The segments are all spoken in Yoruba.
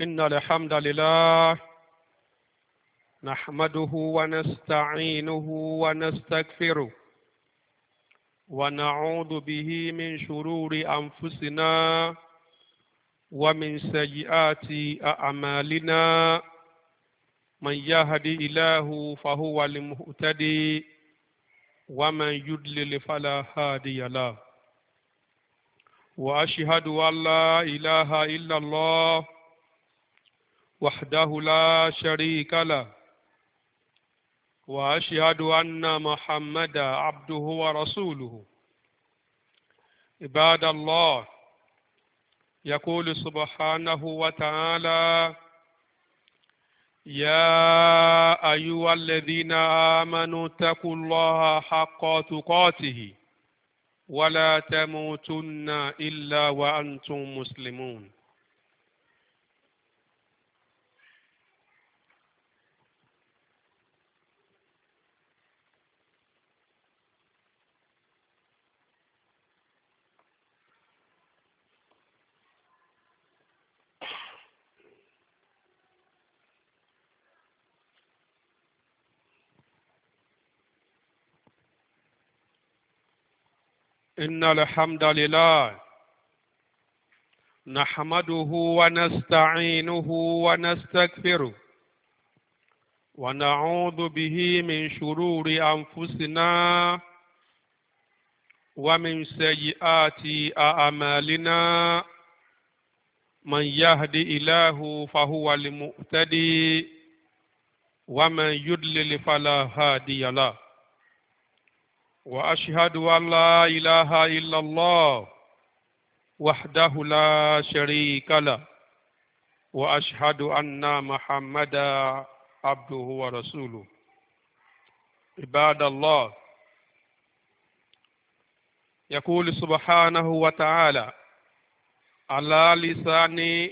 إن الحمد لله نحمده ونستعينه ونستغفره ونعوذ به من شرور أنفسنا ومن سيئات أعمالنا من يهدي إله فهو المهتدي ومن يدلل فلا هادي له وأشهد أن لا إله إلا الله وحده لا شريك له واشهد ان محمدا عبده ورسوله عباد الله يقول سبحانه وتعالى يا ايها الذين امنوا اتقوا الله حق تقاته ولا تموتن الا وانتم مسلمون إن الحمد لله نحمده ونستعينه ونستغفره ونعوذ به من شرور أنفسنا ومن سيئات أعمالنا من يهد إله فهو المؤتدي ومن يدلل فلا هادي له واشهد ان لا اله الا الله وحده لا شريك له واشهد ان محمدا عبده ورسوله عباد الله يقول سبحانه وتعالى على لسان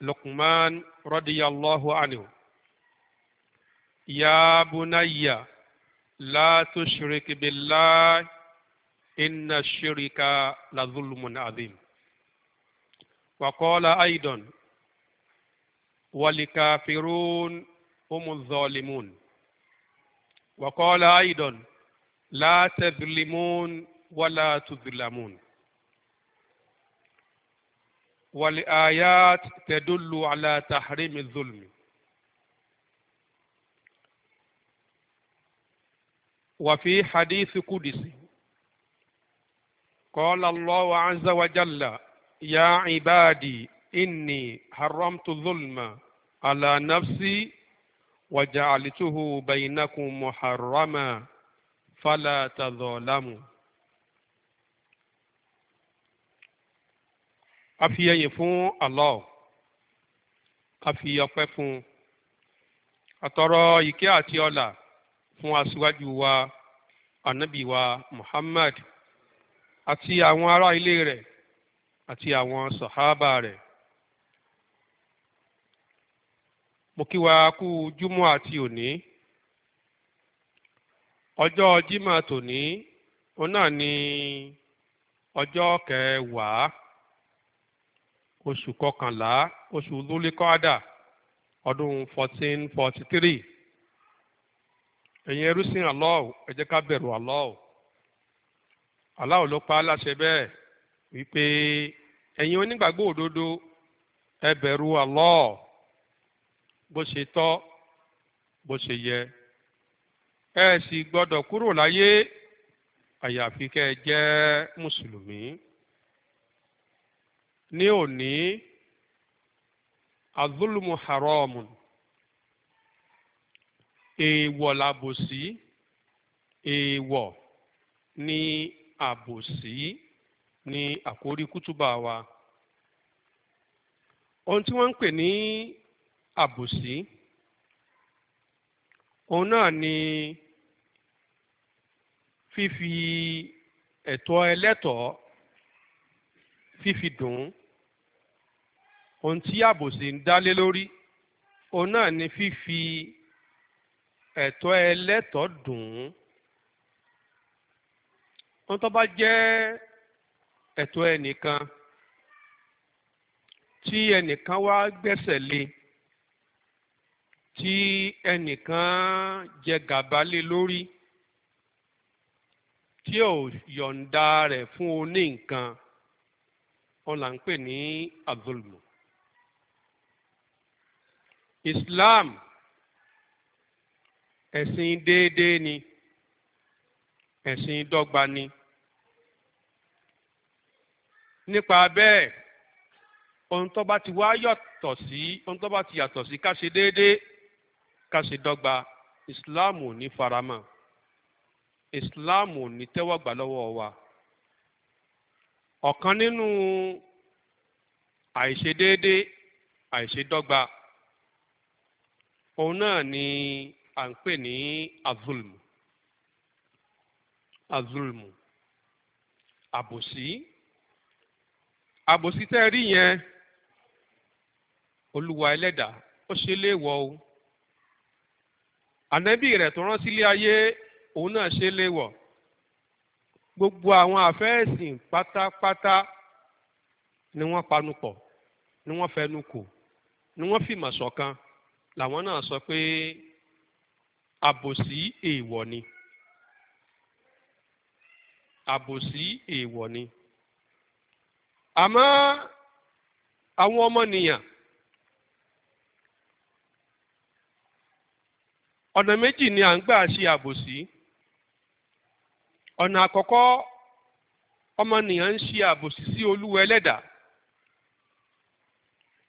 لقمان رضي الله عنه يا بني لا تشرك بالله إن الشرك لظلم عظيم وقال أيضا والكافرون هم الظالمون وقال أيضا لا تظلمون ولا تظلمون والآيات تدل على تحريم الظلم وفي حديث قدسي قال الله عز وجل يا عبادي إني حرمت الظلم على نفسي وجعلته بينكم محرما فلا تظلموا afiyẹyìn fún Allah afiyọpẹ́ fún atọrọ ìkẹ́ àti ọlà fún aṣíwájú wa ànábì wa Muhammad àti àwọn ará ilé rẹ̀ àti àwọn sàhábà rẹ̀. mo kí wa kú júmọ́ àti òní ọjọ́ jimá tòní òun náà ni ọjọ́ kẹwàá oṣù kọkànlá oṣù lólékọ́dà ọdún fourteen forty three ẹ̀yin ẹrú sìn Allah ẹ jẹ́ ká bẹ̀rù Allah Allah ló pa á láṣẹ bẹ́ẹ̀ wípé ẹ̀yin onígbàgbọ́ òdodo ẹ bẹ̀rù Allah bó ṣe tọ́ bó ṣe yẹ ẹ sì gbọ́dọ̀ kúrò láyé àyàfi kẹ́ ẹ jẹ́ mùsùlùmí ní òní azulumu haramun. èèwọ̀ làbòsí èèwọ̀ ní àbòsí Ni àkórí kútùbà wa ohun tí wọ́n ń pè ní àbòsí òun náà ni fífi ẹ̀tọ́ ẹlẹ́tọ̀ọ́ fífi dùn ohun tí àbòsí ń dálé lórí òun náà ni fífi ẹ̀tọ́ ẹlẹ́tọ̀ọ́ dùn ún wọ́n tó bá jẹ́ ẹ̀tọ́ ẹnìkan tí ẹnìkan wá gbẹ́sẹ̀ lé tí ẹnìkan jẹ gàba lé lórí tí ò yọ̀ǹda rẹ̀ fún oní nǹkan wọn là ń pè ní azulmu Islam ẹ̀sìn déédéé ni ẹ̀sìn dọ́gba ni nípa bẹ́ẹ̀ ohun tó bá ti wá yàtọ̀ sí ohun tó bá ti yàtọ̀ sí ká ṣe déédéé ká ṣe dọ́gba Islam ò ní faramọ́ Islam ò ní tẹ́wọ́ gbà lọ́wọ́ wa ọ̀kan nínú àìṣedéédéé àìṣedọ́gba òun náà ni à ń pè ní azulmu azulmu àbòsí àbòsí tẹ́ rí yẹn olúwa ẹlẹ́dàá ó ṣe léèwọ̀ o ànábì rẹ̀ tó rán sílé ayé òun náà ṣe léèwọ̀ gbogbo àwọn àfẹ́ẹ̀sìn pátápátá ni wọ́n panupọ̀ ni wọ́n fẹnu kò ni wọ́n fìmọ̀ ṣọ̀kan làwọn náà sọ pé àbòsí èèwọ̀ ni àbòsí èèwọ̀ ni àmọ́ àwọn ọmọnìyàn ọ̀nà méjì ni à ń gbà ṣe àbòsí ọ̀nà àkọ́kọ́ ọmọnìyàn ń ṣe àbòsí sí olúwa ẹlẹ́dàá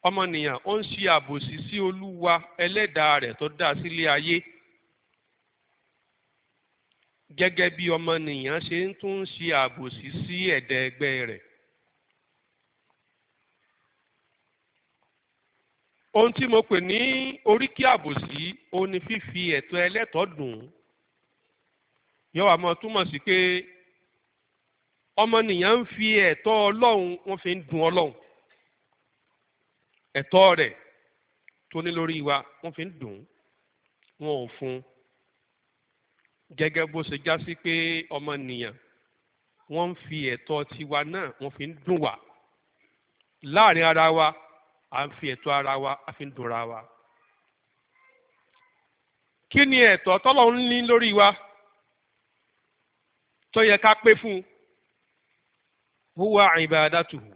ọmọnìyàn ó ń ṣe àbòsí sí olúwa ẹlẹ́dàá rẹ̀ tó dá sílé ayé gẹ́gẹ́ bí ọmọnìyàn ṣe ń tún ṣe àbòsí sí ẹ̀dá ẹgbẹ́ rẹ̀. ohun tí mo pè ní oríkì àbòsí ó ní fífi ẹ̀tọ́ ẹlẹ́tọ̀ọ́ dùn yọ̀wá mọ́ túmọ̀ sí pé ọmọnìyàn ń fi ẹ̀tọ́ ọlọ́run wọ́n fi ń dùn ọlọ́run ẹ̀tọ́ rẹ̀ tó ní lórí wa wọ́n fi ń dùn wọn ò fún un gẹ́gẹ́ bó ṣe já sí pé ọmọnìyàn wọ́n ń fi ẹ̀tọ́ tiwa náà wọ́n fi ń dùn wá láàrin ara wa à ń fi ẹ̀tọ́ ara wa a fi ń dùnra wa. kí ni ẹ̀tọ́ tọ́lọ́run ní lórí wa tó yẹ ká pé fún un huwa ibadatuhu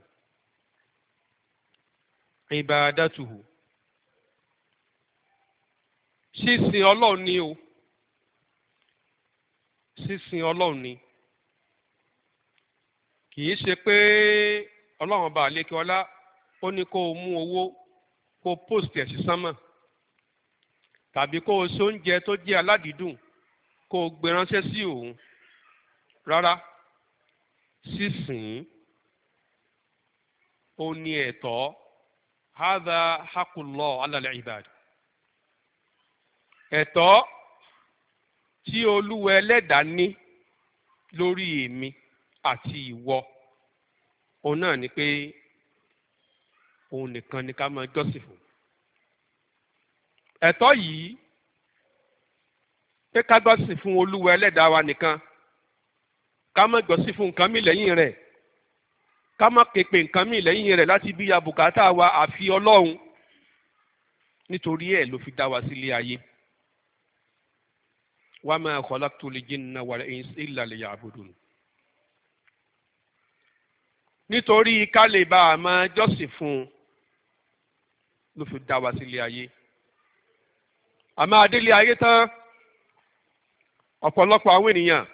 ibadatuhu sísìn ọlọ́run ni o sísìn ọlọ́run ni kì í ṣe pé ọlọ́run ọba àlékè ọlá ó ní kó o mú owó kó o post ẹ̀ sí sánmọ̀ tàbí kó o ṣe oúnjẹ tó jẹ́ aládìídùn kó o gbé ránṣẹ́ sí òun rárá sísìn ó ní ẹ̀tọ́ hadha hakulọ alàlẹ́ ibad ẹ̀tọ́ tí olúwa ẹlẹ́dàá ní lórí èmi àti ìwọ òun náà ni pé òun nìkan ni ká máa jọ́sìn fún ẹ̀tọ́ yìí pé ká gbọ́sìn fún olúwa ẹlẹ́dàá wa nìkan ká má gbọ́sìn fún nǹkan mi lẹ́yìn rẹ̀ ká má képe nǹkan mi lẹ́yìn rẹ̀ láti bí abùkátà wa àfi ọlọ́run nítorí ẹ̀ ló fi dá wa sílé ayé wama khalaqtul jinna wal insa illa liya'budun. nítorí ká lè bá a máa jọ́sìn fún un ló fi dá wa sílé ayé àmọ́ adélé ayé tán ọ̀pọ̀lọpọ̀ àwọn ènìyàn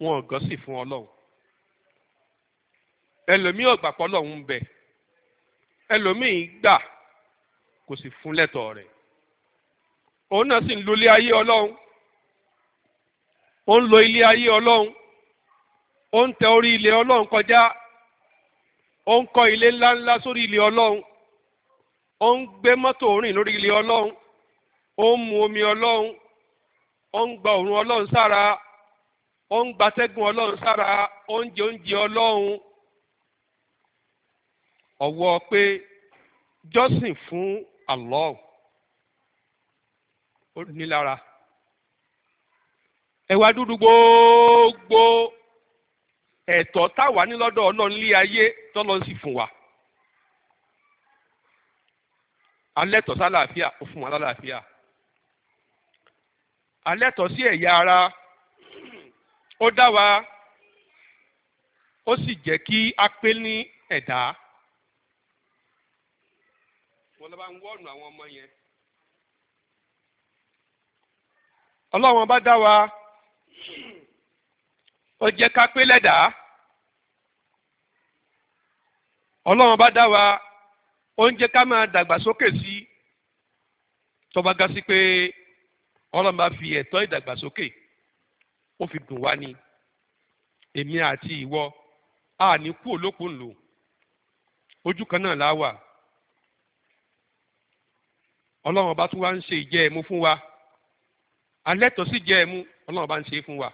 wọn ò gọ́sìn fún ọlọ́run ẹlòmíì ọ̀gbà pọ́lọ́run bẹ ẹlòmíì gbà kò sì fún lẹ́tọ̀ọ́ rẹ̀ òun náà sì ń lo ilé ayé ọlọ́run ó ń lo ilé ayé ọlọ́run ó ń tẹ orí ilé ọlọ́run kọjá ó ń kọ́ ilé ńláńlá sórí ilé ọlọ́run ó ń gbé mọ́tò rìn lórí ilé ọlọ́run ó ń mu omi ọlọ́run ó ń gba òórùn ọlọ́run sára ó ń gbatẹ́gùn ọlọ́run sára ó oúnjẹ ọlọ́run ọ̀wọ́ pé jọ́sìn fún Allah ó ní lára ẹwà dúdú gbogbo ẹ̀tọ́ táwa ní lọ́dọ̀ ọlọ́run lé ayé tọ́lọ́ sì fún wa alẹ́tọ̀ sálàáfíà ó fún wa lálàáfíà alẹ́tọ̀ sí ẹ̀yà ara ó dá wa ó sì jẹ́ kí a pé ní ẹ̀dá. wọ́n lọ́ bá ń wọ́ọ̀nù àwọn ọmọ yẹn. ọlọ́run bá dá wa ó jẹ́ ká pé lẹ́dàá ọlọ́run bá dá wa ó ń jẹ́ ká máa dàgbàsókè sí tó ga sí pé ọlọ́run bá fi ẹ̀tọ́ ìdàgbàsókè ó fi dùn wá ni èmi àti ìwọ a ní kú olókùn lò ojú kan náà la wà bá tún wá ń ṣe ìjẹ́ ẹ̀mú fún wa alẹ́tọ̀ọ́ sì jẹ́ ẹ̀mú ọlọ́run bá ń ṣe é fún wa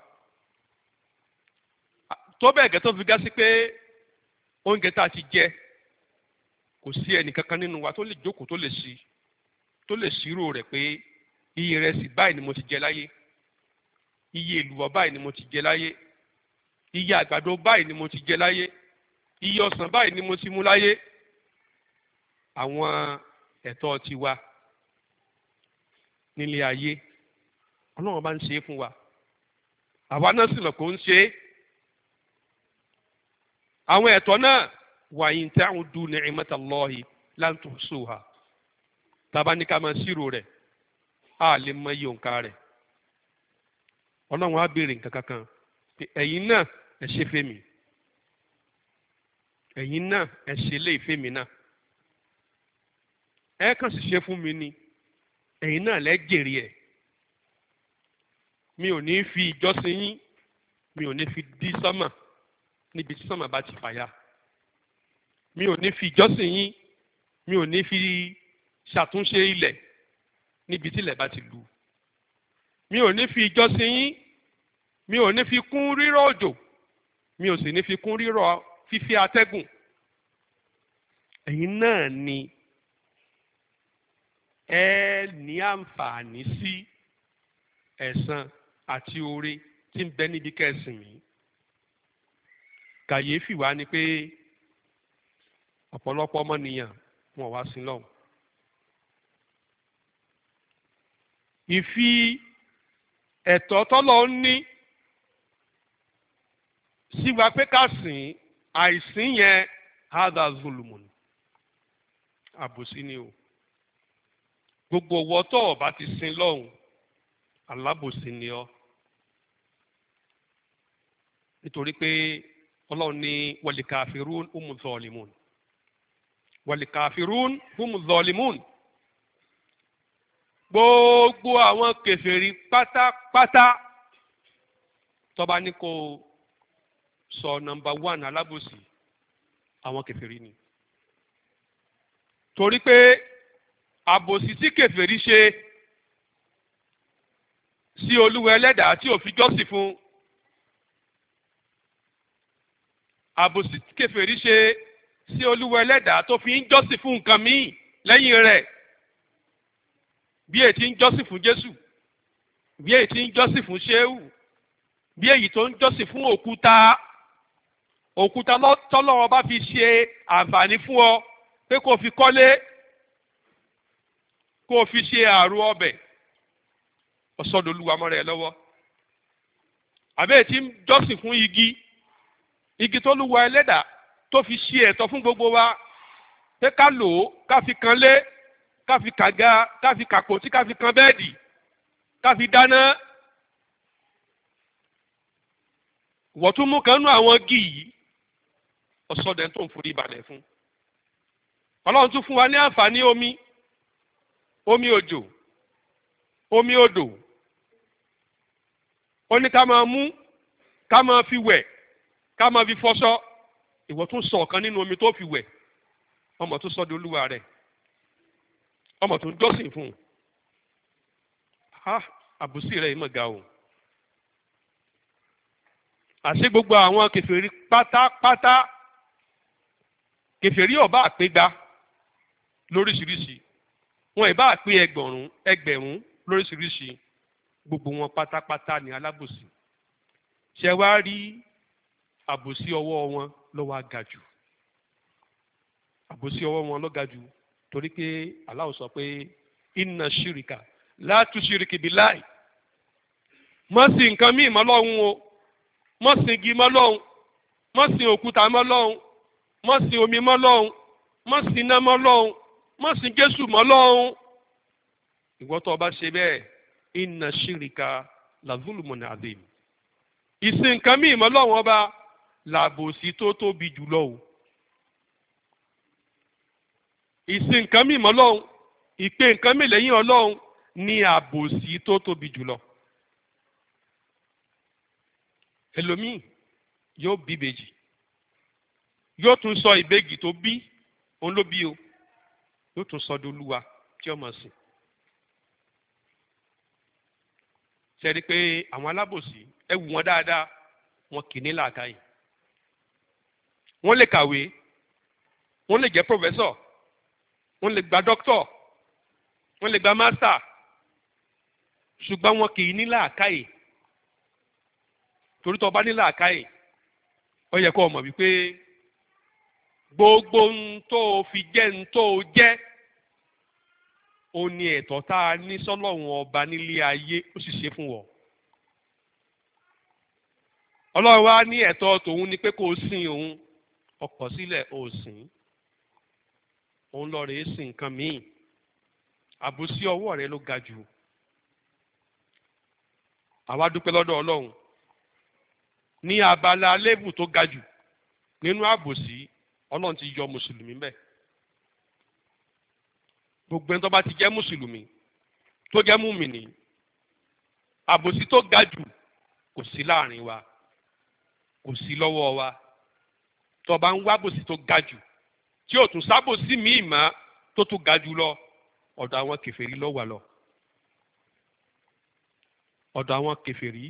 tó bẹ́ẹ̀ gẹ́ tó fi gá sí pé oúnjẹ tá a ti jẹ kò sí ẹnì nínú wa tó lè jókòó tó lè sí tó lè ṣírò rẹ̀ pé iye ìrẹsì báyìí ni mo ti jẹ láyé iye èlùbọ́ báyìí ni mo ti jẹ láyé iye àgbàdo báyìí ni mo ti jẹ láyé iye ọsàn báyìí ni mo ti mú láyé àwọn ẹ̀tọ́ tiwa nílé ayé ọlọ́run bá ń ṣe é fún wa àwa náà sì lọ kó ń ṣe é àwọn ẹ̀tọ́ náà wa in ta'uddu ni'matallahi lan tuhsuha tàbá ní ká máa ṣírò rẹ̀ á lè mọ iye òǹkà rẹ̀ ọlọ́run á béèrè nǹkan kankan ẹ̀yin náà ẹ ṣe fẹ́mi ẹ̀yin náà ṣe lé náà kàn sì ṣe fún mi ni ẹ̀yin náà lẹ́ mi ò ní fi ìjọsìn yín mi ò ní fi dí sánmà níbi tí sánmà bá ti fàya mi ò ní fi ìjọsìn yín mi ò ní fi ṣàtúnṣe ilẹ̀ níbi tí ilẹ̀ bá ti lu mi ò ní fi ìjọsìn yín mi ò ní fi kún rírọ̀ òjò mi ò sì ní fi kún rírọ̀ fífi atẹ́gùn ẹ̀yin náà ni ẹ ní àǹfààní sí ẹ̀san àti oore tí ń bẹ níbi kẹsìn mi kàyéfì wá ni pé ọ̀pọ̀lọpọ̀ ọmọnìyàn wọn wá sí lọ́wọ́ ìfi ẹ̀tọ́ tọ́lọ ń ní sí wa pé ká sìn àìsí yẹn hada zulumun àbòsí ni o gbogbo ọwọ́ tó o bá ti sin lọ́hùn alábòsí ni ọ́ nítorí pé ọlọ́run ní wàlìkàfírún umuzọ́ọ̀lìmùn wàlìkàfírún umuzọ́ọ̀lìmùn gbogbo àwọn kèfèrí pátápátá tọ́ba ní kò sọ nọ́mbà one alábòsí àwọn kèfèrí ni torí pé àbòsí tí kèfèrí ṣe sí olúwa ẹlẹ́dàá tí ò jọ́sìn fún un. àbòsí tí kèfèrí ṣe sí olúwa ẹlẹ́dàá tó fi ń jọ́sìn fún nǹkan míì lẹ́yìn rẹ̀ bí èyí tí ń jọ́sìn fún Jésù bí èyí tí ń jọ́sìn fún Ṣéhù bí èyí tó ń jọ́sìn fún òkúta òkúta tọ́lọ́wọ́ bá fi ṣe àǹfààní fún ọ pé kò fi kọ́lé kó fi ṣe àrò ọbẹ̀ ọ̀sọ́dọ̀lúwa mọ́ra ẹ lọ́wọ́ àbẹ́ẹ̀ ń jọ́sìn fún igi igi tó lúwa ẹlẹ́dà tó fi ṣe ẹ̀tọ́ fún gbogbo wa pé ká lò ó ká fi kan lé ká fi kàga ká fi kàpótí ká fi kan bẹ́ẹ̀dì ká fi dáná. wọ́n kan nú àwọn igi yìí ọ̀sọ́dẹ̀ tó ń forí balẹ̀ fún. ọlọ́run tún fún wa ní àǹfààní omi omi òjò omi odò ó ní ká máa mú ká máa fi wẹ̀ ká máa fi fọṣọ ìwọ tún sọ ọ̀kan nínú omi tó fi wẹ̀ ọmọ tún sọ di olúwa rẹ̀ ọmọ tún jọ́sìn fún un ha ah, àbùsí rẹ̀ ìmọ̀ ga o àṣé gbogbo àwọn kèfèrí pátápátá kèfèrí ọba àpégbá lóríṣiríṣi wọn ìbá àpé ẹgbẹ̀rún ẹgbẹ̀rún lóríṣiríṣi gbogbo wọn pátápátá ní alábòsí ṣẹ wá rí àbòsí ọwọ́ wọn ló wá ga jù àbòsí ọwọ́ wọn ló ga jù torí pé Allah sọ pé inna ṣìrìkà látú ṣìrìkì bí láì mọ́ sí nǹkan míì mọ́ lọ́hùn o mọ́ sí igi mọ́ lọ́hùn mọ́ sí òkúta mọ́ lọ́hùn mọ́ sí omi mọ́ lọ́hùn mọ́ sí iná mọ́ lọ́hùn mọ́ sí Jésù mọ́ lọ́hùn ìwọ tó bá ṣe bẹ́ẹ̀ inna ṣìrìkà làzúlùmọ̀nà àdìm ìsìn nǹkan míì mọ́ lọ́hùn ọba làbòsí tó tóbi jùlọ o ìsìn nǹkan mìíràn lọ́hùn ìpè nǹkan mìíràn lẹ́yìn ọlọ́hun ní àbòsí tó tóbi jùlọ ẹlòmíì yóò bí ìbejì yóò tún sọ ìbejì tó bí òun ló bí o yóò tún sọ dolúwa tí ọmọ sìn ṣe rí pé àwọn alábòsí ẹ wù wọn dáadáa wọn kì í ní làákàyè wọ́n lè kàwé wọ́n lè jẹ́ pòfẹ́sọ̀ wọ́n lè gba dókítọ̀ wọ́n lè gba mástà ṣùgbọ́n wọn kì í ní làákàyè torí tó bá ní làákàyè ó yẹ kó o mọ̀ wípé gbogbo ń tó o fi jẹ́ ń tó o jẹ́ ó ní ẹ̀tọ́ tá a ní sọ́lọ́run ọba nílé ayé ó sì ṣe fún wọ. ọlọ́run wa ní ẹ̀tọ́ tòun ni pé kó o sin òun ọkọ̀ sílẹ̀ òsìn òun lọ rèé sin nǹkan míì àbòsí ọwọ́ rẹ ló ga jù àwa dúpẹ́ lọ́dọ̀ ọlọ́run ní abala lébù tó ga jù nínú àbòsí ọlọ́run ti yọ mùsùlùmí bẹ́ẹ̀ gbogbo ẹni tó bá ti jẹ́ mùsùlùmí tó jẹ́ mùmìnì àbòsí tó ga jù kò sí láàrin wa kò sí lọ́wọ́ wa tó bá ń wá bòsí tó ga jù tí ò tún sábòsí míì mọ́ tó tún ga jù lọ ọ̀dọ̀ àwọn kèfèrí ló wà lọ ọ̀dọ̀ àwọn kèfèrí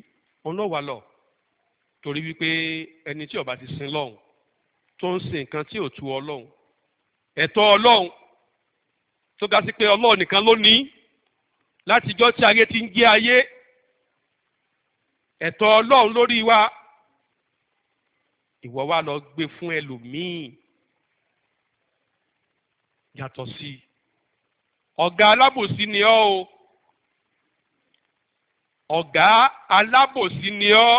wọn ló wà lọ torí wípé ẹni tí ó bá ti sin lọ́hùn tó ń sin nǹkan tí ò tu ọlọ́hun ẹ̀tọ́ ọlọ́hun tó ga sí pé ọlọ́hun nìkan ló ní látijọ́ tí ayé ti ń jẹ́ ayé ẹ̀tọ́ ọlọ́hun lórí wa ìwọ wá lọ gbé fún ẹlòmíì yàtọ̀ sí i ọ̀gá alábòsí ni ọ́ o ọ̀gá alábòsí ni ọ́.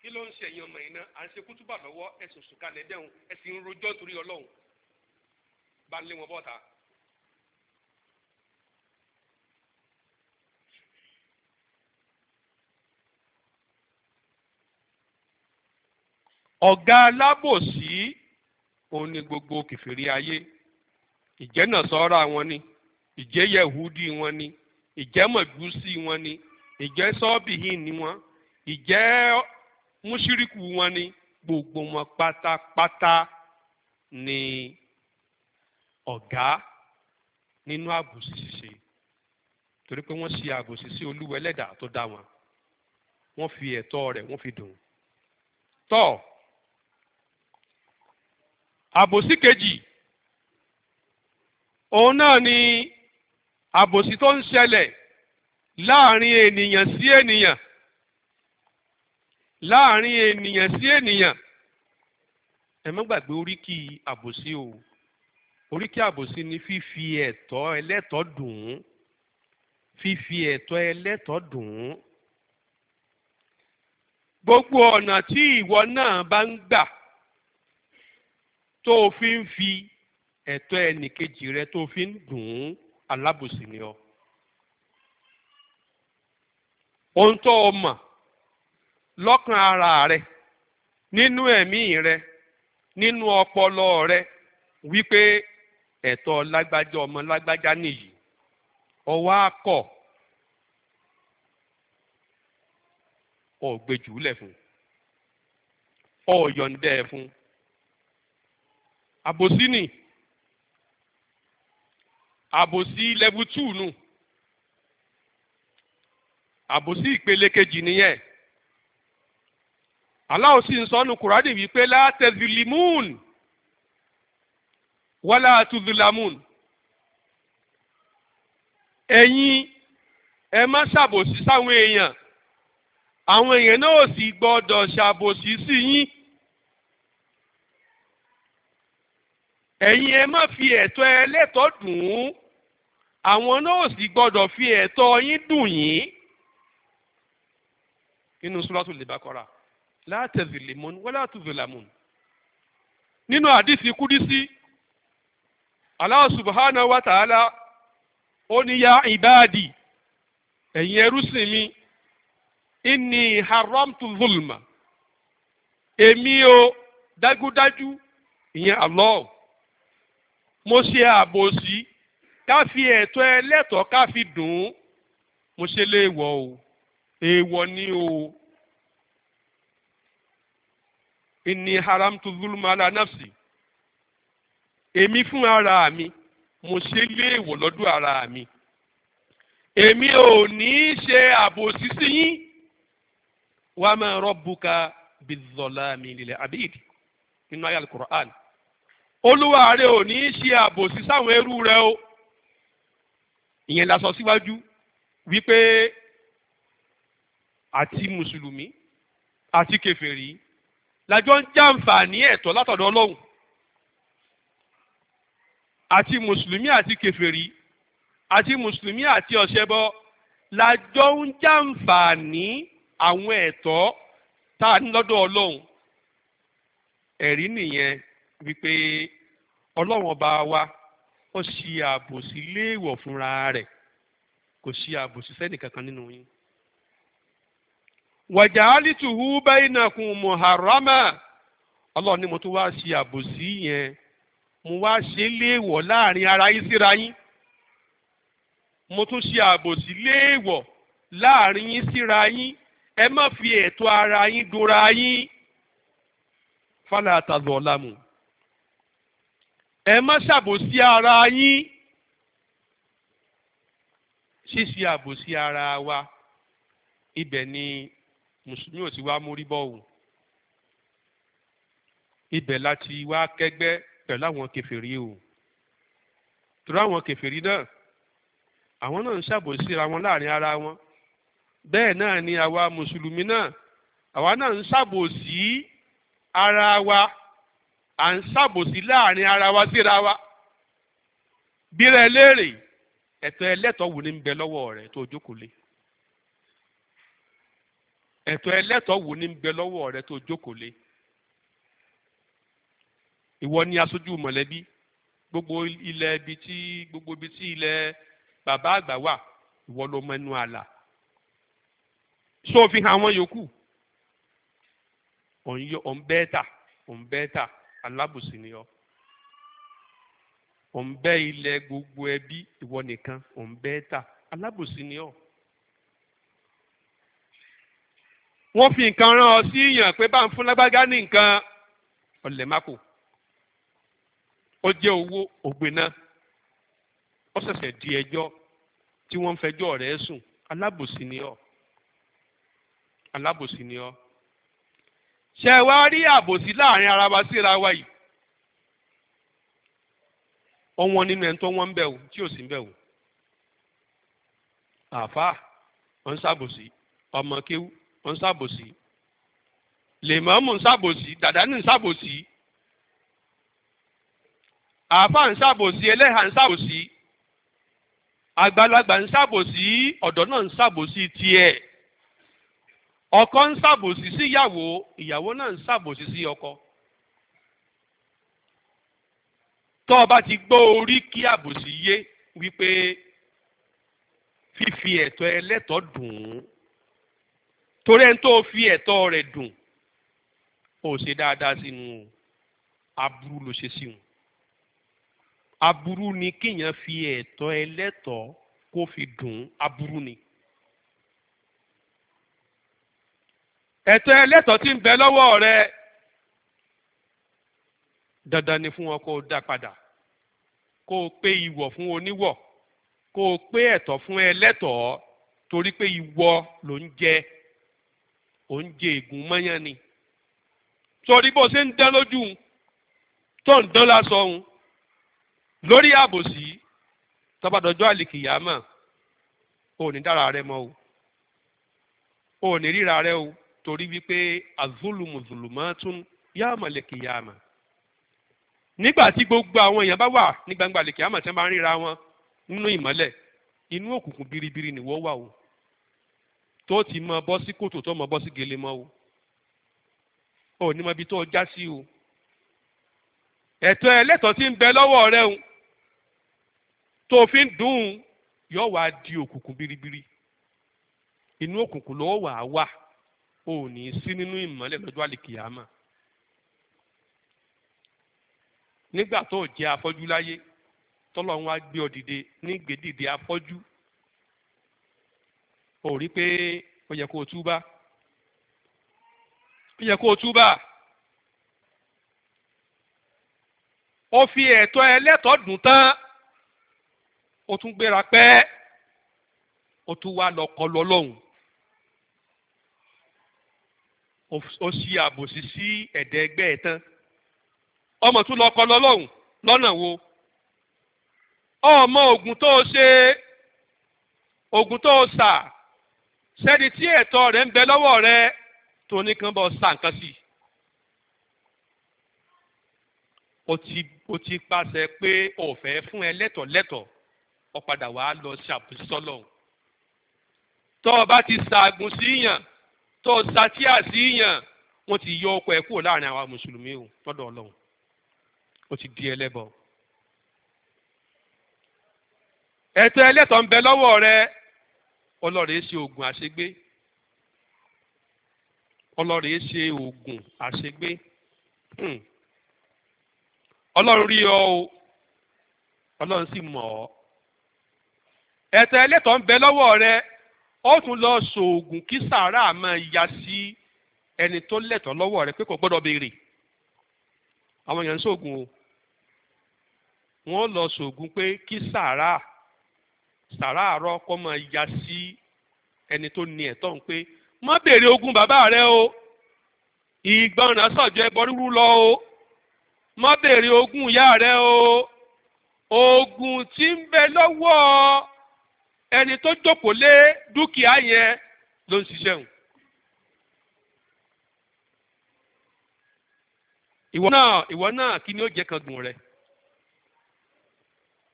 kí ló ń ṣe ẹ̀yin ọmọ yìí náà à ń ṣe kútúbà lọ́wọ́ ẹ̀sùn sùn kalẹ̀ dẹ́hùn ẹ̀sìn rojọ́ torí ọlọ́run bá lé wọn bọ́ta. ọ̀gá alábòsí òun ni gbogbo kìfìrí ayé ìjẹ́ náà sọ́ra wọn ni ìjẹ́ yẹ̀húdí wọn ni ìjẹ́ mọ̀júsí wọn ni ìjẹ́ sọ́ọ̀bìhìn ni wọn ìjẹ́ múṣíríkù wọn ni gbogbo wọn pátápátá ni ọ̀gá nínú àbòsí ṣíṣe torí pé wọ́n ṣe àbòsí sí olúwa ẹlẹ́dàá tó dá wọn wọ́n fi ẹ̀tọ́ rẹ̀ wọ́n fi dùn tọ́ọ̀. àbòsí kejì òun náà ni àbòsí tó ń ṣẹlẹ̀ láàrin ènìyàn sí ènìyàn láàrin ènìyàn sí ènìyàn ẹ má gbàgbé oríkì àbòsí o oríkì àbòsí ni fífi ẹ̀tọ́ ẹlẹ́tọ́ dùn ún fífi ẹ̀tọ́ ẹlẹ́tọ́ dùn gbogbo ọ̀nà tí ìwọ náà bá ń gbà tó o fi ń fi ẹ̀tọ́ ẹnìkejì rẹ tó o fi ń dùn ún alábòsí ni ọ. ohun tó o mọ̀ lọ́kàn ara rẹ nínú ẹ̀mí rẹ nínú ọpọlọ rẹ wípé ẹ̀tọ́ lágbájá ọmọ lágbájá nìyí ọwọ́ akọ̀ ọ̀gbẹ́jùlẹ̀ fún ọ̀yọ̀ǹdẹ̀ fún àbòsí nì àbòsí level two nù àbòsí ìpele kejì nìyẹn Allah sì ń sọnù kùránì wípé látẹ̀zìlímùn wọ́lá tùzìlámùn ẹ̀yin ẹ má ṣàbòsí sáwọn èèyàn àwọn èèyàn náà ò sì gbọ́dọ̀ ṣàbòsí sí yín. ẹ̀yin ẹ má fi ẹ̀tọ́ ẹlẹ́tọ̀ọ́ dùn ún àwọn náà sì gbọ́dọ̀ fi ẹ̀tọ́ yín dùn yín nínú Suratul Baqara la tazlimun wala tuzlamun nínú àdìsí kúdísí Allah subhanahu wa ta'ala ó ní ya ìbáàdì ẹ̀yin ẹrú sì mi inni haramtu zulma èmi o dájúdájú ìyẹn Allah mo ṣe àbòsí ká fi ẹ̀tọ́ ẹlẹ́tọ̀ọ́ ká fi dùn ún mo ṣe léèwọ̀ o èèwọ̀ ni o inni haramtu zulma ala nafsi èmi fún ara mi mo ṣe léèwọ̀ lọ́dún ara mi èmi ò ní í ṣe àbòsí sí yín wa ma rabbuka bizolami lil abid nínú ayé alukur'an olúwa rẹ ò ní í ṣe àbòsí sáwọn ẹrú rẹ o ìyẹn la sọ síwájú wípé àti mùsùlùmí àti kèfèrí lájọ ń jàǹfààní ẹ̀tọ́ látọ̀dọ̀ ọlọ́run àti mùsùlùmí àti kèfèrí àti mùsùlùmí àti ọ̀ṣẹbọ lájọ ń jàǹfààní àwọn ẹ̀tọ́ tá a ní lọ́dọ̀ ọlọ́run ẹ̀rí nìyẹn wípé ọlọ́run ọba wa ó ṣe àbòsí léèwọ̀ fúnra rẹ̀ kò ṣe àbòsí sẹ́nìkankan nínú yín. wàjà alituhu bainakun muharama ọlọ́run ni mo tún wá ṣe àbòsí yẹn mo wá ṣe léèwọ̀ láàrin ara yín síra yín mo tún ṣe léèwọ̀ láàrin yín síra yín ẹ má fi ẹ̀tọ́ ara yín yín fálà ẹ má ṣàbòsí ara yín ṣíṣe àbòsí ara wa ibẹ̀ ni mùsùlùmí ò ti wá mórí bọ́ọ̀wù ibẹ̀ láti wá kẹ́gbẹ́ pẹ̀lú àwọn kèfèrí o torí àwọn kèfèrí náà àwọn náà ń ṣàbòsí ra wọn láàrin ara wọn bẹ́ẹ̀ náà ni àwa mùsùlùmí náà àwa náà ń ṣàbòsí ara wa à ń ṣàbòsí láàrin ara wa síra wa bíra ẹlẹ́rìí ẹ̀tọ́ ẹlẹ́tọ̀ọ́ wò ní ń bẹ lọ́wọ́ rẹ tó jókòó lé ìwọ ni aṣojú mọ̀lẹ́bí gbogbo ilẹ̀ ibi tí gbogbo ibi tí ilẹ̀ bàbá àgbà wà ìwọ ló mẹnu àlà so fi hàn àwọn yòókù òun bẹ́ẹ̀ tà òun bẹ́ẹ̀ tà alábùsí ni ọ ò ń bẹ ilẹ̀ gbogbo ẹbí ìwọ nìkan ò ń bẹ ta alábùsí ni ọ. wọ́n fi nǹkan rán ọ sí yàn pé bá ń fún lágbága ní nǹkan ọ̀lẹ̀ mákò ó jẹ́ owó ògbé náà ó ṣẹ̀ṣẹ̀ di ẹjọ́ tí wọ́n ń fẹjọ́ rẹ̀ sùn alábòsí ni ọ alábòsí ni ọ ṣe wá rí àbòsí láàrin ara wa síra wa yìí ọ̀wọ́n nínú ẹni tó wọ́n ń bẹ̀ wò tí ò sí ń bẹ̀ wò àfáà ọ̀ ń ṣàbòsí ọmọ kéwú ọ̀ ń ṣàbòsí lèmọ́mù ń ṣàbòsí dàdánù ń ṣàbòsí àáfàá ń ṣàbòsí ẹlẹ́hà ń ṣàbòsí àgbàlagbà ń ṣàbòsí ọ̀dọ́ náà ń ṣàbòsí tiẹ̀ ọkọ ń ṣàbòsí sí ìyàwó ìyàwó náà ń ṣàbòsí sí ọkọ tó o bá ti gbọ́ orí kí àbòsí yé wípé fífi ẹ̀tọ́ ẹlẹ́tọ̀ọ́ dùn ún torí ẹni tó fi ẹ̀tọ́ rẹ̀ dùn ó ṣe dáadáa sínú aburú ló ṣe sí wọn aburú ni kéèyàn fi ẹ̀tọ́ ẹlẹ́tọ̀ọ́ kó fi dùn aburú ni. ẹ̀tọ́ ẹlẹ́tọ̀ọ́ tí ń bẹ lọ́wọ́ rẹ dandan ni fún wọn kó o dá padà kó o pé ìwọ̀ fún oníwọ̀ kó o pé ẹ̀tọ́ fún ẹlẹ́tọ̀ọ́ torí pé ìwọ ló ń jẹ ò ègún mọ́yán ni torí bó ṣe ń dán lójú tó ń dán lásọ òun lórí àbòsí tọ́badọ́jọ́ àlìkìyàmọ̀ ò ní dára rẹ mọ́ o ò ní ríra rẹ o torí wípé azulumuzulumatun yaamalekiyama nígbà tí gbogbo àwọn èèyàn bá wà ní gbangba àlekiyama tí wọ́n bá ń ríra wọn nínú ìmọ́lẹ̀ inú òkùnkùn biribiri ni wọ́n wà o tó ti mọ bọ́ sí kòtò tó mọ bọ́ sí gèlè mọ́ o ò ní mọ ibi tó já sí o ẹ̀tọ́ ẹlẹ́tọ̀ọ́ tí ń bẹ lọ́wọ́ rẹ o tó fi ń dùn yóò wá di òkùnkùn biribiri inú òkùnkùn ló wà á wà. O ní sí nínú ìmọ́lẹ̀ lọ́jọ́ àlìkìyàmà nígbà tó jẹ́ afọ́jú láyé tọ́lọ́run wá gbé ọ dìde ní gbèdìde afọ́jú ò rí pé ó yẹ kó o túbá ó yẹ kó o túbá ó fi ẹ̀tọ́ ẹlẹ́tọ́ dùn tán ó tún gbéra pẹ́ ó tún wá lọ kọlu ó ṣe àbòsí sí ẹ̀dẹ̀ ẹgbẹ́ ẹ̀ tán ọmọ tún lọ́ọ́ kọ́ lọ́lọ́hùn lọ́nà wo ọmọ oògùn tó o ṣe oògùn tó o ṣà sẹ́ni tí ẹ̀tọ́ rẹ̀ ń bẹ lọ́wọ́ rẹ tó ní kàn bọ́ ṣà nǹkan sí i o ti o ti pàṣẹ pé ọ̀fẹ́ fún ẹ lẹ́tọ̀lẹ́tọ̀ ọ padà wàá lọ ṣàbùsí sọ́lọ́hùn tọ́ ọ bá ti ṣàgùn síyàn. Si tó dàtí àṣìyàn wọn ti yọ ọkọ ẹ̀ kúrò láàrin àwa mùsùlùmí o lọ́dọ̀ ọlọ́run ó ti di ẹlẹbọ ẹ̀tọ́ ẹlẹ́tọ̀ ń bẹ lọ́wọ́ rẹ ọlọ́rẹ̀ ṣe oògùn àṣegbé ọlọ́rẹ̀ ṣe oògùn àṣegbé hmm. ọlọ́run rí ọ o ọlọ́run sì mọ̀ ọ́ ẹ̀tọ́ ẹlẹ́tọ̀ ń bẹ rẹ ó tún lọ sòògùn kí sàárà máa ya sí ẹni tó lẹ́tọ̀ọ́ lọ́wọ́ rẹ pé kò gbọ́dọ̀ béèrè àwọn èèyàn ń sòògùn o wọ́n lọ sòògùn pé kí sàárà sàárà àárọ̀ kó máa ya sí ẹni tó ní ẹ̀tọ́ ń pé má béèrè ogún bàbá rẹ o ìgbọràn sọ̀jọ́ ẹbọ rúrú lọ o má béèrè ogún ìyá rẹ o ogún tí ń bẹ lọ́wọ́ ọ ẹni tó jókòó lé dúkìá yẹn ló ń ṣiṣẹ́ hùn. ìwọ náà ìwọ náà kí ni ó jẹ́ kan gùn rẹ̀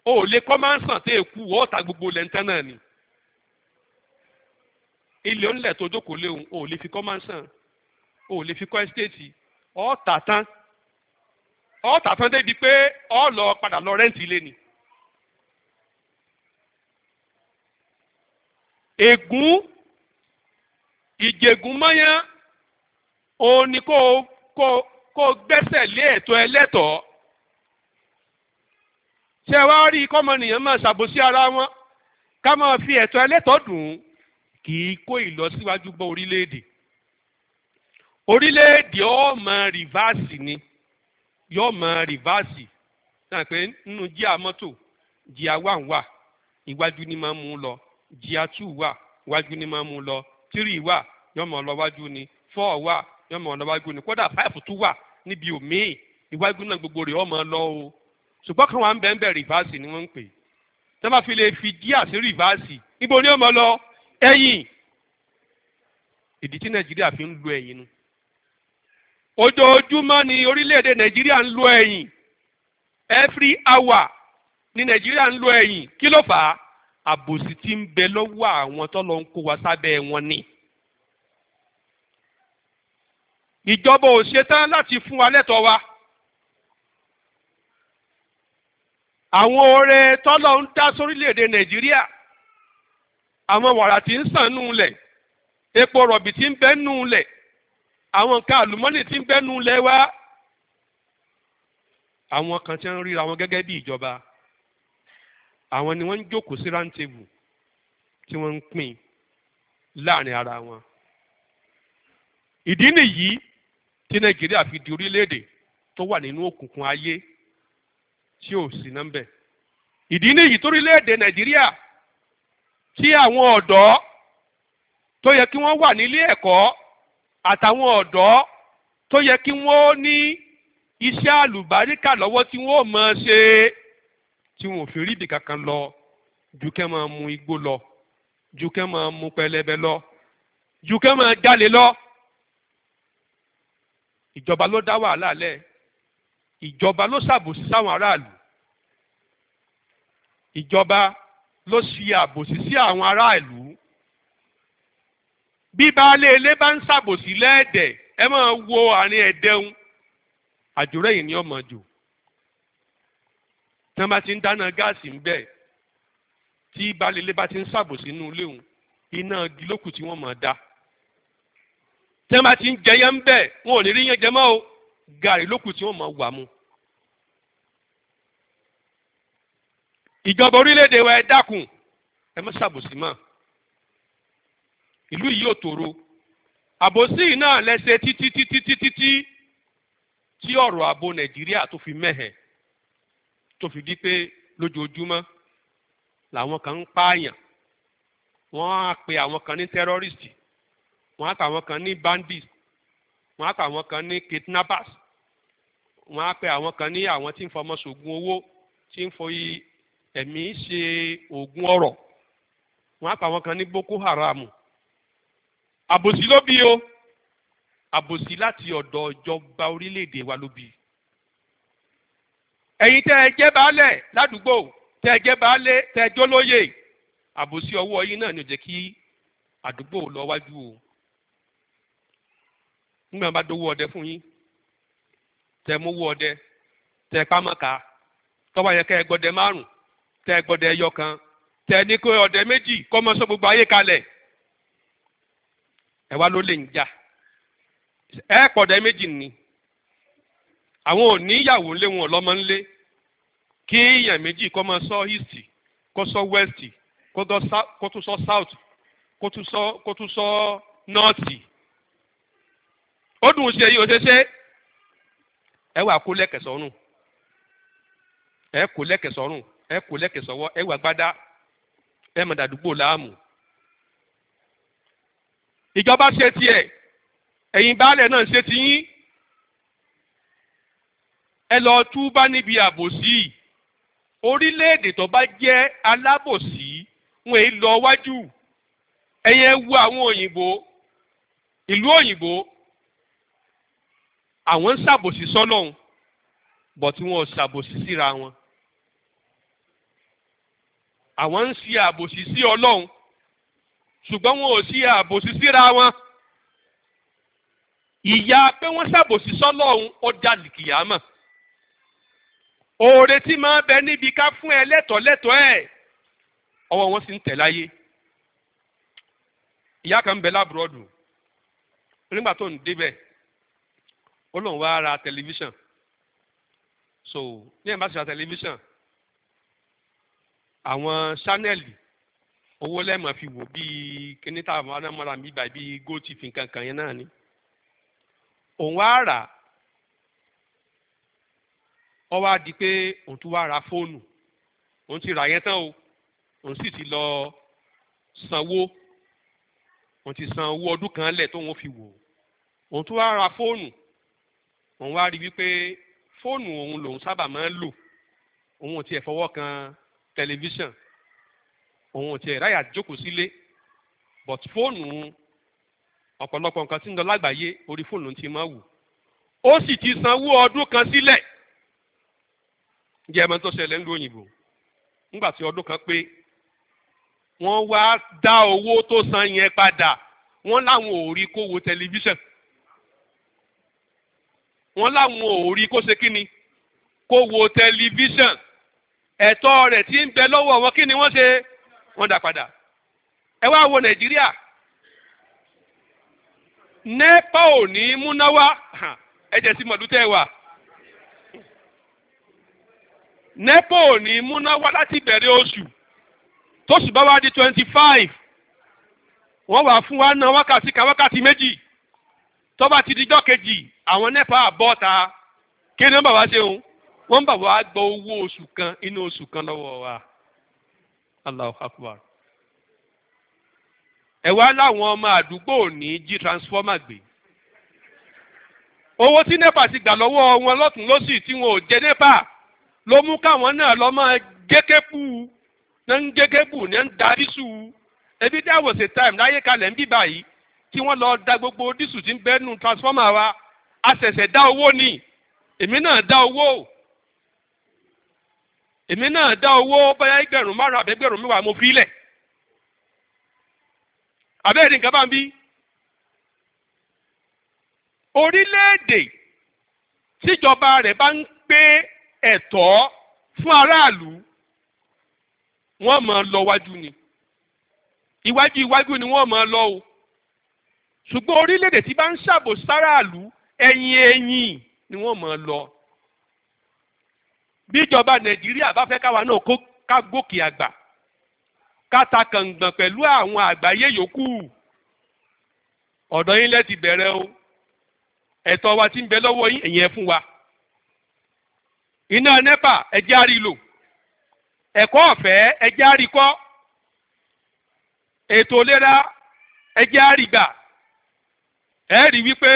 o ò lè kọ́ máa ń sàn tẹ́ èkú wọ́n ta gbogbo lẹ́ńtẹ́ náà ni ilé onílẹ̀ tó jókòó léwu o ò lè fi kọ́ máa ń sàn o ò lè fi kọ́ ẹ́sítéètì ọ̀ọ́ta tán ọ̀ọ́ta tán débi pé ọ̀ọ́ lọ padà lọ rẹ́ǹtì ilé ni. ègún ìjègúnmọ́yá òun ni kò kó kó gbẹ́sẹ̀ lé ẹ̀tọ́ ẹlẹ́tọ̀ọ́ ṣé wá rí kọ́mọnìyàn máa ṣàbòsí ara wọn ká fi ẹ̀tọ́ ẹlẹ́tọ̀ọ́ dùn ún kì í kó ìlọsíwájú gbọ́ orílẹ̀-èdè orílẹ̀-èdè yóò máa rìvásì ni yóò máa rìvásì náà pé nínú jíà mọ́tò jíà wà ń wà ni máa mú un lọ jìyà two wà wájú ni máa mú lọ three wà yọmọ lọ wájú ni four wà yọmọ lọ wájú ni kódà five tún wà níbi òmíì ìwájú náà gbogbo rẹ̀ ọmọ lọ o ṣùgbọ́n kan wà ń bẹ́ẹ̀ bẹ́ẹ̀ rìvásì ni wọ́n ń pè tẹ́ bá fi lè fi díà sí rìvásì ibo ni ọmọ lọ ẹ̀yìn ìdí tí nàìjíríà fi ń lo ẹ̀yìn nu ojoojúmọ́ ni orílẹ̀-èdè nàìjíríà ń lo ẹ̀yìn every hour ni nàìjíríà ń lo ẹ̀yìn kí ló fà á àbòsí tí ń bẹ lọ́wọ́ àwọn tọ́lọ́ ń kó wa sábẹ́ wọn ni. ìjọba ò ṣetán láti fún wa lẹ́tọ̀ọ́ wa. àwọn oore tọ́lọ́ ń dá sórílẹ̀‐èdè nàìjíríà àwọn wàrà tí ń sàn nù lẹ̀ epo rọ̀bì tí ń bẹ nù lẹ̀ àwọn nǹkan àlùmọ́nì tí ń bẹ nù lẹ̀ wá àwọn kan ti ń ríra wọn gẹ́gẹ́ bí ìjọba. àwọn ni wọ́n ń jókòó sí rántébù tí wọ́n ń pín láàrin ara wọn. ìdí nìyí tí nàìjíríà fi di orílẹ̀-èdè tó wà nínú òkùnkùn ayé tí ò sí nọ́mbẹ̀. ìdí nìyí torílẹ̀-èdè nàìjíríà tí àwọn ọ̀dọ́ tó yẹ kí wọ́n wà nílé ẹ̀kọ́ àtàwọn ọ̀dọ́ tó yẹ kí wọ́n ní iṣẹ́ àlùbáríkà lọ́wọ́ tí wọ́n mọ̀ ṣe é tí wọn ò fi rídìí kankan lọ ju kẹ́ máa mu igbó lọ ju kẹ́ máa mu pẹlẹbẹ lọ ju kẹ́ máa jalè lọ ìjọba ló dá wàhálà lẹ ìjọba ló ṣàbòsí sáwọn aráàlú ìjọba ló ṣe àbòsí sí àwọn aráàlú bí baálé ilé bá ń ṣàbòsí lẹ́ẹ̀dẹ̀ ẹ máa wo àárín ẹ̀dẹ̀hún àjòrẹ́yìn ni ọmọ jò tí wọ́n bá ti ń dáná gáàsì ń bẹ̀ tí balẹ̀lé bá ti ń ṣàbò sínú ilé òun iná gílókù tí wọ́n máa da tí wọ́n bá ti ń jẹyẹ ń bẹ̀ wọn ò lè rí yẹn jẹ mọ́ o gàrí lókù tí wọ́n máa wà mu. ìjọba orílẹ̀-èdè wa ẹ dákun ẹ má ṣàbòsí mọ́ ìlú yìí ò tòrò àbòsí náà lẹ́sẹ̀ títí títí títí tí ọ̀rọ̀ ààbò nàìjíríà tó fi mẹ́hẹ̀ẹ́ tó fi di pé lójoojúmọ́ làwọn kan ń pààyàn wọ́n á pe àwọn kan ní tẹ́rọ́rìsì wọ́n á pe àwọn kan ní bandits wọ́n á pe àwọn kan ní kidnappers wọ́n á pe àwọn kan ní àwọn tí ń fọmọ ṣògùn owó tí ń fọ ẹ̀mí ṣe oògùn ọ̀rọ̀ wọ́n á pe àwọn kan ní Boko Haram àbòsí ló bí o àbòsí láti ọ̀dọ̀ ìjọba orílẹ̀-èdè wa ló bí i. Eyi tẹ ẹ jẹ́ baálẹ̀ ládùúgbò tẹ ẹ jẹ́ baálé tẹ́ ẹ jólóyè àbòsí ọwọ́ yín náà ni ò jẹ́ kí àdúgbò lọ wájú o nígbà bá dówó ọdẹ fún yín tẹ mú wó ọdẹ tẹ́ pamọ́ka tọ́wọ́ yẹ kẹ́ ẹ márùn tẹ́ tẹ gbọ́dẹ ẹyọ kan tẹ́ ní kó ọdẹ méjì kọ́ sọ gbogbo ayé kalẹ. ẹ wá ló lè ń jà ẹ pọ̀dẹ méjì ni. àwọn ò ní ìyàwó ńlé wọn lọ́mọ ńlé kí èèyàn méjì kọ́ máa sọ east kó sọ west kó tún sọ south kó tún sọ kó tún sọ north ó dùn ṣe yìí ó ṣe ṣe ẹ wà kó lẹ́kẹ̀ ẹ kó lẹ́kẹ̀ ẹ kó lẹ́kẹ̀ ẹ wà gbádá ẹ mọ̀ dàdúgbò láàmú. ìjọba ṣe tiẹ̀ ẹ̀yin baálẹ̀ náà ṣe ti yín ẹ lọ túbá níbi àbòsí orílẹ̀-èdè tó bá jẹ́ alábòsí wọn èyí lọ wájú ẹ̀yẹ wo àwọn òyìnbó ìlú òyìnbó àwọn ń ṣàbòsí sọ́lọ́hún bọ̀ tí wọn ò ṣàbòsí síra wọn àwọn ń ṣe àbòsí sí ọlọ́hun ṣùgbọ́n wọn ò ṣe àbòsí síra wọn ìyá pé wọ́n ṣàbòsí sọ́lọ́hún ó dá oore tí máa bẹ níbi ká fún ẹ lẹ́tọ̀ọ́ lẹ́tọ̀ọ́ ẹ̀ ọwọ́ wọn sì ń tẹ̀ láyé ìyá kan ń bẹ lábúrọ́dù nígbà tó ń débẹ̀ ó lóun wá ra tẹlifíṣàn so ní ẹ̀ bá ti ra tẹlifíṣàn àwọn ṣánẹ́ẹ̀lì owó lẹ́mọ̀ fi wò bíi kíní táwọn anámọ́ra mi báyìí bíi gotv kankan yẹn náà ni òun wá rà á ó wá di pé òun tún wá ra fóònù òun ti rà yẹn tán o òun sì ti lọ sanwó òun ti san owó ọdún kan lẹ̀ tóun fi wò òun tún wá ra fóònù òun wá rí wípé fóònù òun lòun sábà máa ń lò òun ò tiẹ̀ fọwọ́ kan tẹlifíṣàn òun ò tiẹ̀ ráyà jókòó sílé but fóònù ọ̀pọ̀lọpọ̀ nǹkan tí ń lọ lágbàáyé orí fóònù ti máa wù ó sì ti sanwó ọdún kan sílẹ̀ ǹjẹ́ tó ṣẹlẹ̀ ńlú òyìnbó ńgbà tí ọdún kan pé wọ́n wá dá owó tó san yẹn padà wọ́n láwọn ò rí kó wo tẹlifíṣàn wọ́n láwọn ò rí kó ṣe kíni kó wo tẹlifíṣàn ẹ̀tọ́ rẹ̀ tí ń bẹ lọ́wọ́ wọn kí wọ́n ṣe wọ́n dá padà ẹ wá nepo ò ní múná wá láti bẹ̀rẹ̀ oṣù tóṣù bá wá di twenty five wọ́n wà fún wa ná wákàtí ka wákàtí méjì tó bá ti dijọ́ kejì àwọn nepa àbọ̀ta kí ni wọ́n bá wá ṣe òun wọ́n bá wá gbọ́ owó oṣù kan inú oṣù kan lọ́wọ́ wa Allahu Akbar ẹ wá láwọn ọmọ àdúgbò ò ní jí transformer gbé owó tí nepa ti gbà lọ́wọ́ wọn lọ́tún lọ́sì tí wọn ò nepa. ló mú káwọn náà lọ máa géképù náà ń géképù náà ń darí sùn ebi dá wòsè time láyé kalẹ̀ ń bí báyìí kí wọ́n lọ da gbogbo dísù tí ń bẹ́ nu transformer wa a ṣẹ̀ṣẹ̀ dá owó ni èmi náà dá owó èmi náà dá owó bóyá ẹgbẹ̀rún márùn àbẹ́gbẹ̀rún mẹ́wàá mo fi lẹ̀ àbẹ́rẹ́ nǹkan bá ń bí orílẹ̀-èdè tíjọba rẹ̀ bá ń pé ẹ̀tọ́ fún aráàlú wọ́n máa lọ wájú ni iwájú iwájú ni wọ́n máa lọ o ṣùgbọ́n orílẹ̀-èdè tí bá ń ṣàbò sáráàlú ẹ̀yìn ẹ̀yìn ni wọ́n máa lọ bíjọba nàìjíríà bá fẹ́ káwa náà ká gòkè àgbà ká ta kàngbọ̀n pẹ̀lú àwọn àgbáyé yòókù ọ̀dọ̀ yín lẹ́ ti bẹ̀rẹ̀ o ẹ̀tọ́ wa ti ń bẹ lọ́wọ́ yín ẹ̀yìn ẹ̀ fún wa iná nẹ́pà ẹjẹ́ àrí lò ẹ̀kọ́ ọ̀fẹ́ ẹjẹ́ àrí kọ́ ètò ìlera ẹjẹ́ àrí gbà ẹ rí wípé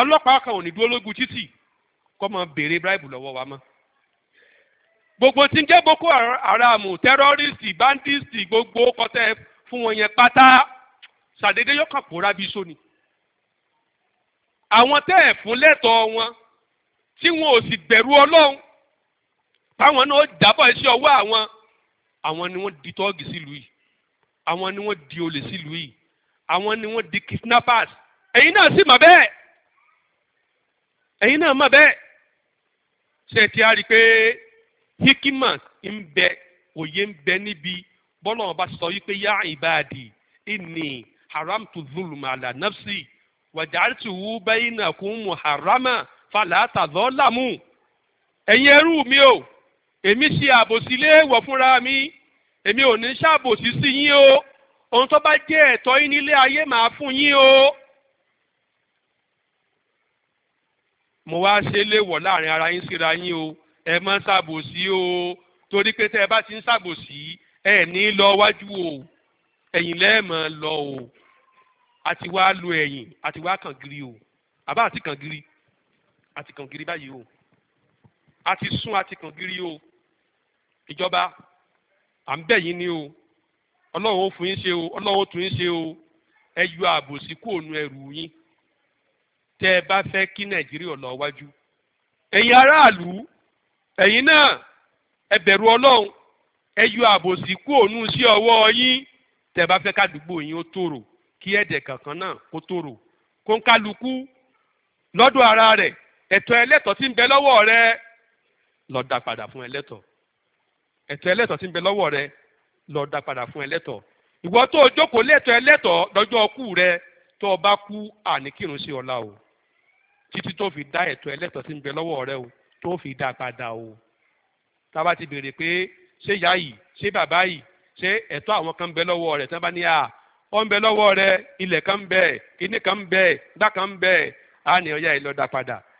ọlọ́pàá kan ò ní dúró lógun títì kọ́ mọ béèrè bíráìbù lọ́wọ́ wa mọ́ gbogbo tí ń jẹ́ boko haram tẹ́rọ́rìsì banditsi gbogbo kọ́tẹ́ fún wọn yẹn pátá ṣàdédé yọkàn pòórá bí sóni àwọn tẹ́ ẹ̀ fún lẹ́tọ̀ọ́ wọn tí wọn ò sì bẹ̀rù ọlọ́run táwọn náà jábọ̀ iṣẹ́ ọwọ́ àwọn àwọn ni wọ́n di tọ́ọ̀gì sílùú yìí àwọn ni wọ́n di olè sílùú yìí àwọn ni wọ́n di kidnappers ẹ̀yin náà sì mọ̀ bẹ́ẹ̀ ẹ̀yin náà mọ̀ bẹ́ẹ̀ ṣe ti a rí i pé hikima ń bẹ òye ń bẹ níbi bọ́lá ọba sọ wípé yá ìbáàdì ìní haram tu zulma ala wàjà àti wú bẹ́yìn náà kún mu harama fàlàtàzọ́ làmú ẹ̀yin ẹrú mi o èmi ṣe àbòsí léèwọ̀ fúnra mi èmi ò ní ṣàbòsí sí yín o ohun tó bá jẹ́ ẹ̀tọ́ yín nílé ayé màá fún yín o. mo wá ṣe léèwọ̀ láàrin ara yín síra yín o ẹ má ṣàbòsí o torí pé tẹ́ ẹ bá ti ń ṣàbòsí ẹ ní lọ wájú o ẹ̀yìn lẹ́ẹ̀mọ́ lọ o àti wá lu ẹ̀yìn àti wá kàn giri o àbá àti kàn giri àti kàngírí báyìí o àti sún àti kàngírí o ìjọba à ń bẹ̀ yín ni o ọlọ́run ó fún yín ṣe o ọlọ́run ó tún yín ṣe o ẹ yọ àbòsí kú òun ẹrù yín tẹ́ ẹ bá fẹ́ kí nàìjíríà lọ wájú ẹ̀yin aráàlú ẹ̀yin náà ẹ bẹ̀rù ọlọ́run ẹ yọ àbòsí kú òun sí ọwọ́ yín tẹ́ ẹ bá fẹ́ kádùúgbò yín ó tòrò kí ẹ̀dẹ̀ kankan náà kó tòrò kó ń kálukú lọ́dọ̀ ara rẹ̀ ẹ̀tọ́ ẹlẹ́tọ̀ tí ń bẹ lọ́wọ́ rẹ lọ dá padà fún ẹlẹ́tọ̀ ẹ̀tọ́ ẹlẹ́tọ̀ tí ń bẹ lọ́wọ́ rẹ lọ dá padà fún ẹlẹ́tọ̀ ìwọ tó o jókòó lẹ́tọ̀ ẹlẹ́tọ̀ lọ́jọ́ ọkú rẹ tó o bá kú àníkírun sí ọ̀la o títí tó fi dá ẹ̀tọ́ ẹlẹ́tọ̀ tí ń bẹ lọ́wọ́ rẹ o tó fi dá padà o tá a bá ti béèrè pé ṣé ìyá yìí ṣé bàbá yìí ṣé ẹ̀tọ́ àwọn kan ń bẹ lọ́wọ́ rẹ tí wọ́n bá ní à wọ́n ń bẹ lọ́wọ́ rẹ ilẹ̀ kan ń kinní kan ń bẹ kan ń bẹ ní ọ̀yá yìí lọ dá padà